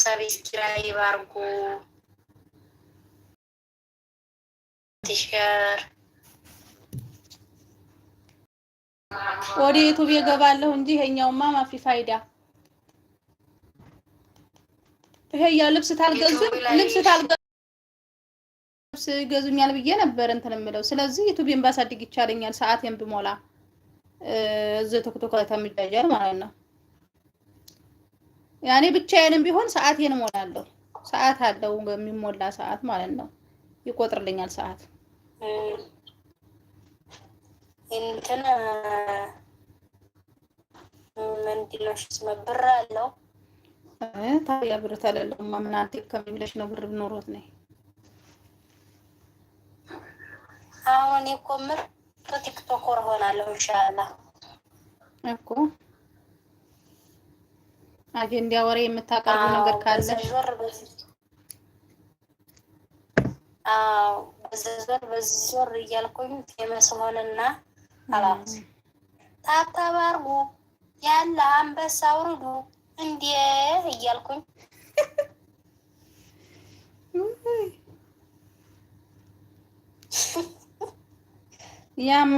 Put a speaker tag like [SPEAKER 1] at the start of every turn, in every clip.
[SPEAKER 1] ሰርቪስ ኪራይ ባርጎ ቲሸር
[SPEAKER 2] ወደ ዩቱብ የገባለሁ እንጂ ይሄኛውማ ማፊ ፋይዳ። ይሄ ያው ልብስ ልብስ ልብስ ገዙኛል ብዬ ነበር እንትን የምለው። ስለዚህ ዩቱብን ባሳድግ ይቻለኛል ሰዓቴን ብሞላ እዚህ ላይ ተምጃጃል ማለት ነው። ያኔ ብቻዬንም ቢሆን ሰዓቴን እሞላለሁ። ሰዓት አለው የሚሞላ ሰዓት ማለት ነው። ይቆጥርልኛል ሰዓት
[SPEAKER 1] እንትን ምንድን ነው እሺ፣ ብር አለው
[SPEAKER 2] ታዲያ። ብር ተለለማ ምን አንተ ነው ብር ኖሮት ነ
[SPEAKER 1] አሁን እኮ ምርጥ ቲክቶከር ሆናለሁ ኢንሻአላህ
[SPEAKER 2] እኮ አጀንዳ ወሬ የምታቀርቡ ነገር ካለ
[SPEAKER 1] አዎ፣ በዚህ እያልኩኝ ሆንና አላት። ታብታብ አርጉ ያለ አንበሳ አውርዱ እንዴ እያልኩኝ
[SPEAKER 2] ያማ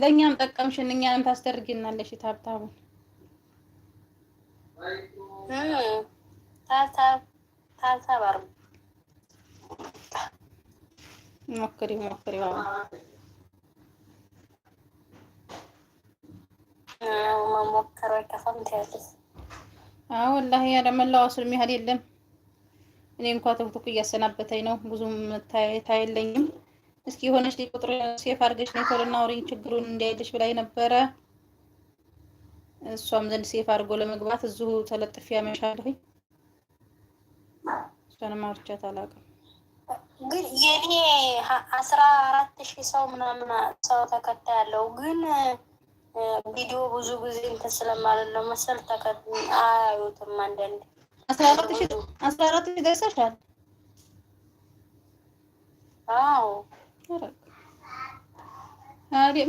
[SPEAKER 2] ለእኛም ጠቀምሽን፣ እኛንም ታስደርጊናለሽ ታብታቡን
[SPEAKER 1] ታሳብ አርጉ።
[SPEAKER 2] ሞክሪ ሞክሪ።
[SPEAKER 1] መሞከር አይከፋም ትያለሽ።
[SPEAKER 2] አዎ አስር የሚያህል የለም። እኔ እንኳ እያሰናበተኝ ነው። ብዙም ታይለኝም። እስኪ የሆነች ቁጥር ሴፍ አድርገሽ ነው እና አውሪኝ ችግሩን እንዲያይልሽ ብላኝ ነበረ። እሷም ዘንድ ሴፍ አድርጎ ለመግባት እዚሁ ተለጥፊ ያመሻለሁኝ። እሷንም አውርቻት አላውቅም፣
[SPEAKER 1] ግን የኔ አስራ አራት ሺህ ሰው ምናምን ሰው ተከታይ ያለው ግን ቪዲዮ ብዙ ጊዜ እንትን ስለማለለው መሰል ተከት አያዩትም። አንዳንድ
[SPEAKER 2] አስራ አራት ሺህ አስራ ደርሰሻል? አዎ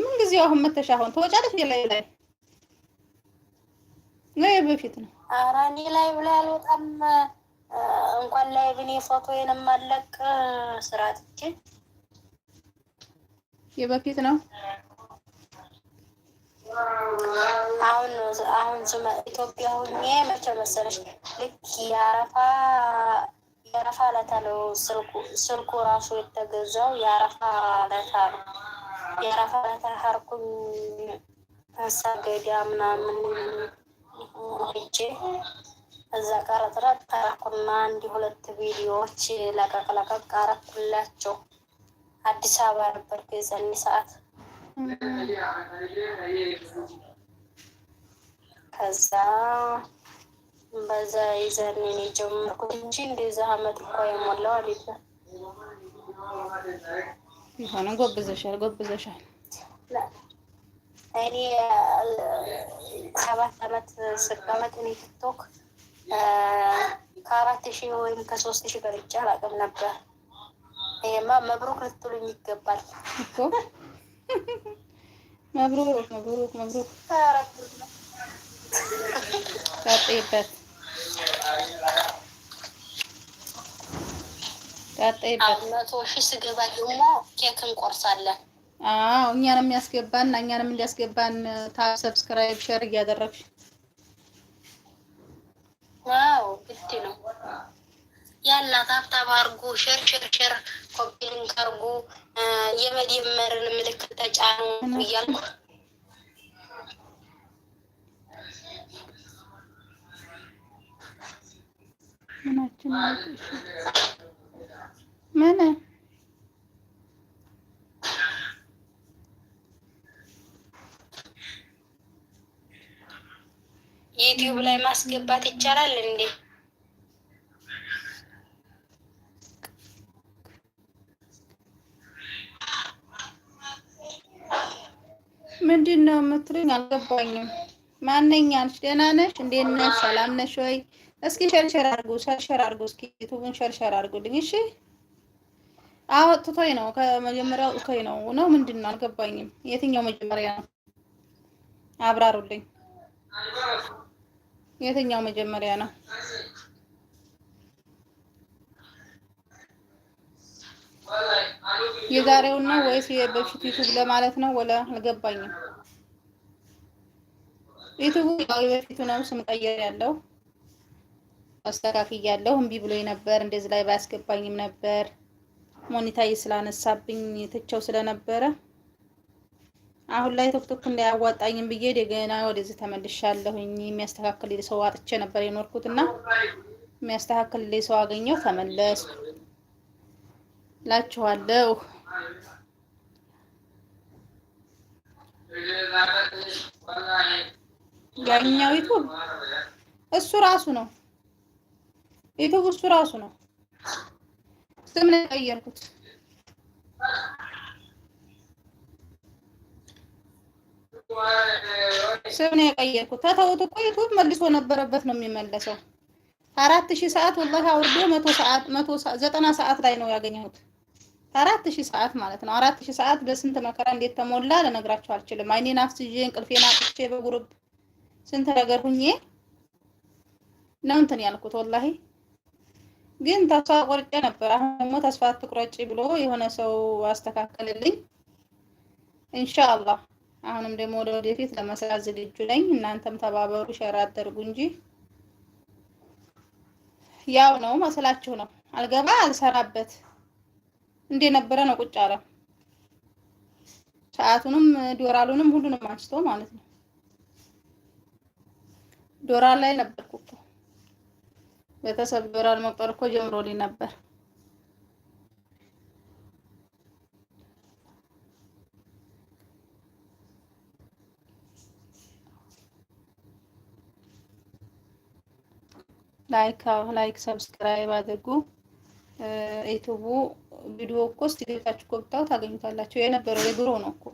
[SPEAKER 2] ምን ጊዜ አሁን መተሻ አሁን ተወጫለሽ። የላይ ላይ ነው የበፊት ነው።
[SPEAKER 1] አራኔ ላይ ብላ አልወጣም እንኳን ላይ ብኔ ፎቶዬን የማለቅ ስራ ትቼ የበፊት ነው። አሁን አሁን ኢትዮጵያ ሁኜ መቼ መሰለሽ ልክ የአረፋ የአረፋ ለታ ነው ስልኩ ስልኩ ራሱ የተገዛው የአረፋ ለታ ነው። የአረፋ ለታ ሀርኩኝ ሰገዳ ምናምን ሄጄ እዛ ጋር ጥረት ተራኩና አንድ ሁለት ቪዲዮዎች ለቀቅ ለቀቅ አዲስ አበባ ነበር ገዘኒ ሰዓት። ከዛ በዛ ይዘንን የጀመርኩት እንጂ እንደዛ አመት እኮ የሞላው አሊበ
[SPEAKER 2] ሆነ ጎብዘሻል፣ ጎብዘሻል
[SPEAKER 1] እኔ ሰባት አመት ስቀመጥ እኔ ቲክቶክ ከአራት ሺ ወይም ከሶስት ሺ በልጬ አላውቅም ነበር። ይሄማ መብሩክ ልትሉኝ ይገባል
[SPEAKER 2] መብሩክ መብሩክ መብሩክ። ቀጥይበት ቀጥይበት።
[SPEAKER 1] መቶ ሺህ ስገባ ደግሞ ኬክ እንቆርሳለን።
[SPEAKER 2] አዎ እኛንም ያስገባን እኛንም እንዲያስገባን ታብ ሰብስክራይብ ሸር እያደረግሽ
[SPEAKER 1] ዋው ግድ ነው ያላት ሀብታም አርጉ፣ ሸር ሸር ሸር ኮፒሊንክ አርጉ፣ የመደመርን ምልክት ተጫኑ እያልኩ ምን ዩቲዩብ ላይ ማስገባት ይቻላል እንዴ?
[SPEAKER 2] ምንድን ነው የምትሉኝ? አልገባኝም። ማንኛን ደህና ነሽ? እንዴት ነሽ? ሰላም ነሽ ወይ? እስኪ ሸርሸር አርጉ፣ ሸርሸር አርጉ፣ እስኪ ዩቱቡን ሸርሸር አድርጉልኝ። እሺ፣ አወጥቶኝ ነው ከመጀመሪያው አውጥቶኝ ነው ነው ምንድን ነው አልገባኝም። የትኛው መጀመሪያ ነው? አብራሩልኝ። የትኛው መጀመሪያ ነው? የዛሬውን ነው ወይስ የበፊት ዩቱብ ለማለት ነው? ወላ አልገባኝም። ዩቱቡ የበፊቱ ነው ስም ቀየር ያለው አስተካክል ያለው እምቢ ብሎ ነበር። እንደዚህ ላይ ባያስገባኝም ነበር ሞኒታይ ስላነሳብኝ ትቸው ስለነበረ አሁን ላይ ቶክቶክ እንዳያዋጣኝም ብዬ ደገና ወደዚህ ተመልሻለሁኝ። የሚያስተካክል ሰው አጥቼ ነበር የኖርኩት እና የሚያስተካክል ሰው አገኘው ተመለስኩ ላችኋለሁ። ያኛው ዩቱብ እሱ ራሱ ነው። ዩቱብ እሱ ራሱ ነው። ስም ነው የቀየርኩት። ስም ነው የቀየርኩት። ተተውት እኮ ዩቱብ መልሶ ነበረበት ነው የሚመለሰው። አራት ሺህ ሰዓት ወላሂ አውርዶ መቶ ሰዓት መቶ ዘጠና ሰዓት ላይ ነው ያገኘሁት። አራት ሺህ ሰዓት ማለት ነው። አራት ሺህ ሰዓት በስንት መከራ እንዴት ተሞላ ልነግራችሁ አልችልም። አይኔን አፍስዤ እንቅልፌን አጥቼ በጉርብ ስንት ነገር ሁኜ ነው እንትን ያልኩት ወላሂ ግን ተስፋ ቆርጬ ነበር። አሁን ደግሞ ተስፋ አትቁረጪ ብሎ የሆነ ሰው አስተካከልልኝ ኢንሻአላህ አሁንም ደግሞ ወደ ወደፊት ለመስራት ዝግጁ ነኝ። እናንተም ተባበሩ፣ ሸር አደርጉ እንጂ ያው ነው መስላችሁ ነው አልገባ አልሰራበት እንደነበረ ነበረ ነው ቁጭ አለ። ሰዓቱንም ዶራሉንም ሁሉንም አንስቶ ማለት ነው። ዶራል ላይ ነበርኩ እኮ ቤተሰብ ዶራል መቁጠር እኮ ጀምሮ ነበር። ላይክ ላይክ ሰብስክራይብ አድርጉ። ዩቱቡ ቪዲዮ እኮ ስትገብታችሁ እኮ ብታው ታገኙታላችሁ። የነበረው የድሮ ነው እኮ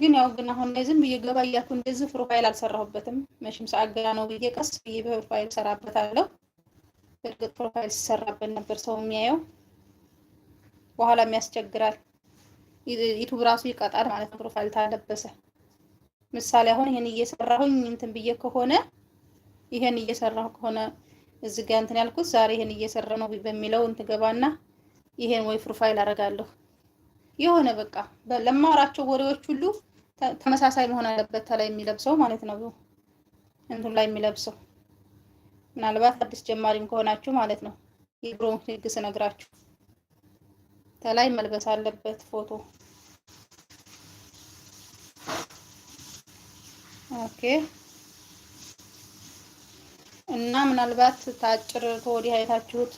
[SPEAKER 2] ግን ያው ግን አሁን ላይ ዝም ብዬ ገባ እያልኩ እንደዚህ ፕሮፋይል አልሰራሁበትም። መቼም ሰዓት ገና ነው ብዬ ቀስ ብዬ ፕሮፋይል ሰራበታለሁ። እርግጥ ፕሮፋይል ሲሰራበት ነበር ሰው የሚያየው፣ በኋላም ያስቸግራል። ዩቱብ ራሱ ይቀጣል ማለት ነው ፕሮፋይል ታለበሰ። ምሳሌ አሁን ይሄን እየሰራሁኝ እንትን ብዬ ከሆነ ይሄን እየሰራሁ ከሆነ እዚህ ጋር እንትን ያልኩት ዛሬ ይሄን እየሰራ ነው በሚለው እንትገባና ይሄን ወይ ፕሮፋይል አደርጋለሁ። የሆነ በቃ ለማወራቸው ወሬዎች ሁሉ ተመሳሳይ መሆን አለበት። ተላይ የሚለብሰው ማለት ነው እንትኑ ላይ የሚለብሰው ምናልባት አዲስ ጀማሪም ከሆናችሁ ማለት ነው የድሮ ህግ ስነግራችሁ ተላይ መልበስ አለበት ፎቶ። ኦኬ እና ምናልባት ታጭር ተወዲህ አይታችሁት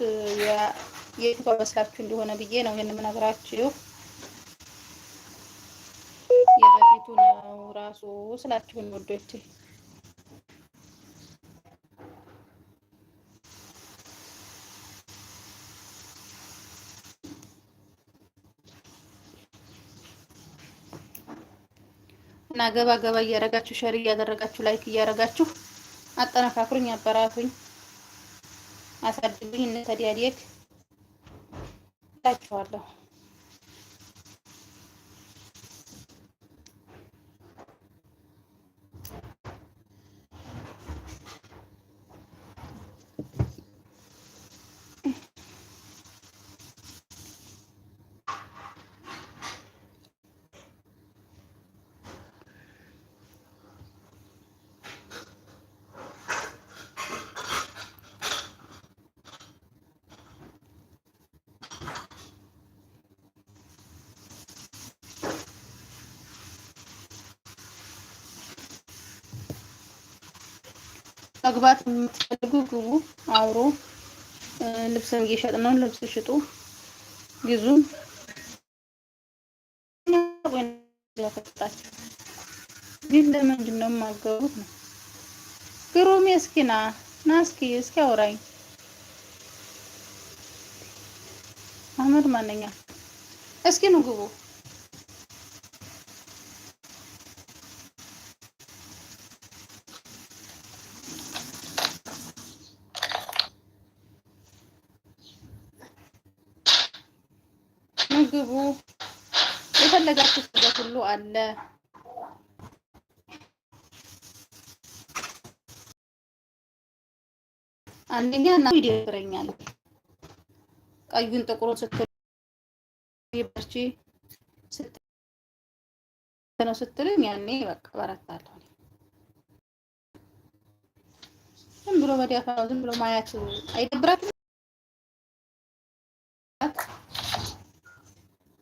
[SPEAKER 2] የቱ መስላችሁ እንደሆነ ብዬ ነው ይህን የምነግራችሁ። የበፊቱ ነው ራሱ ስላችሁን ወዶች እና ገባ ገባ እያደረጋችሁ ሸር እያደረጋችሁ ላይክ እያደረጋችሁ አጠነካክሩኝ፣ አበራቱኝ፣ አሳድጉኝ። እነ ተዲያዴክ እላችኋለሁ። መግባት የምትፈልጉ ግቡ፣ አውሩ። ልብስም እየሸጥ ነው። ልብስ ሽጡ፣ ግዙ። ግን ለምንድን ነው የማገቡት ነው? ግሩም የስኪና ና እስኪ እስኪ አውራኝ አህመድ ማነኛ እስኪ ነው ግቡ ግቡ። የፈለጋችሁ ነገር ሁሉ አለ። አንደኛ እና ቪዲዮ ይደረኛል። ቀዩን ጥቁሩን ስትል ይበርቺ ስትል ስትልኝ ያኔ በቃ በረታለሁ። ዝም ብሎ መዲያ ዝም ብሎ ማየት አይደብራትም።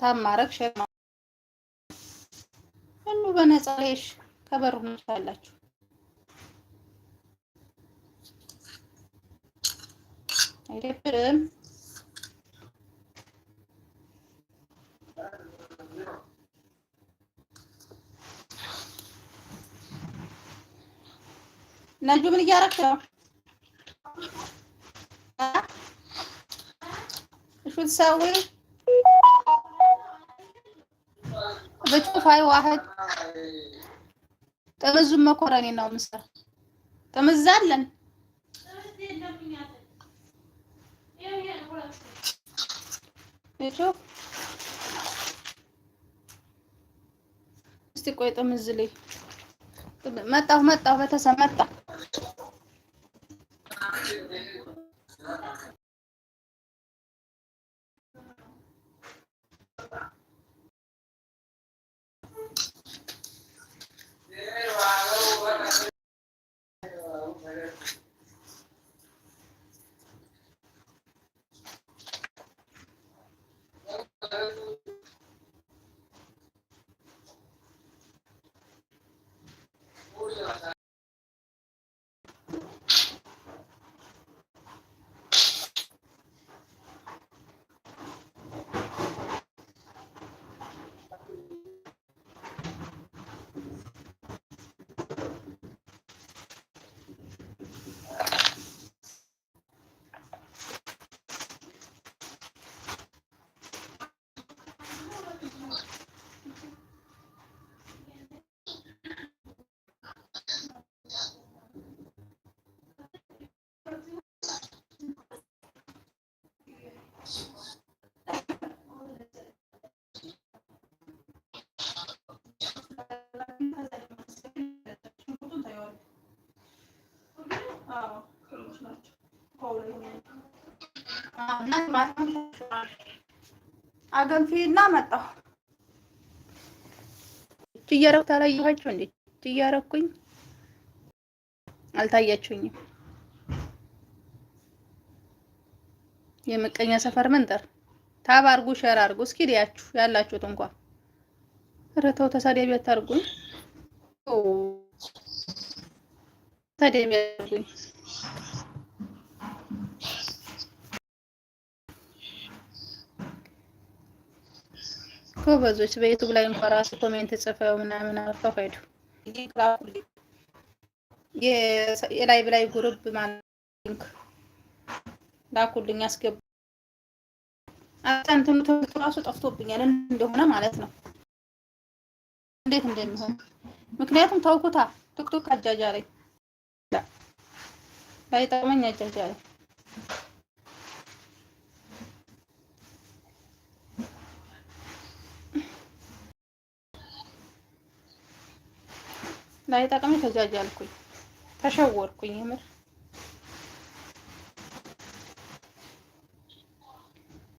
[SPEAKER 2] ታማረግ ሸማ ሁሉ በነፃ ላይሽ ከበሩ ናላችሁ። አይደብርም? ነጁ ምን እያደረግሽ ነው? እሹ ትሰዊ بتشوف هاي واحد መኮረኒ ነው ምስር ጥምዝ አለን። እስቲ ቆይ ጥምዝ ላይ መጣሁ መጣሁ በተሰመጣ አገንፊና መጣሁ። እያረኩት አላየኋችሁ እንዴ? እያረኩኝ አልታያችሁኝም። የምቀኛ ሰፈር መንጠር ታብ አርጉ፣ ሸር አርጉ። እስኪ ዲያችሁ ያላችሁት እንኳን ረተው ተሳዳቢ አታርጉኝ፣ ተሳዳቢ አታርጉኝ። ጎበዞች በዩቱብ ላይ እንኳ ራሱ ኮሜንት ጽፈው ምናምን አልፈው ሄዱ። የላይ ብላይ ጉርብ ማለት ላኩልኝ አስገቡ። አንተን ትምህርቱ ራሱ ጠፍቶብኛል እንደሆነ ማለት ነው። እንዴት እንደሚሆን ምክንያቱም ታውኩታ ቱክቱክ አጃጃለኝ ላይ ጠቅመኝ አጃጃለኝ ላይ ጠቅሜ ተጃጃልኩኝ፣ ተሸወርኩኝ የምር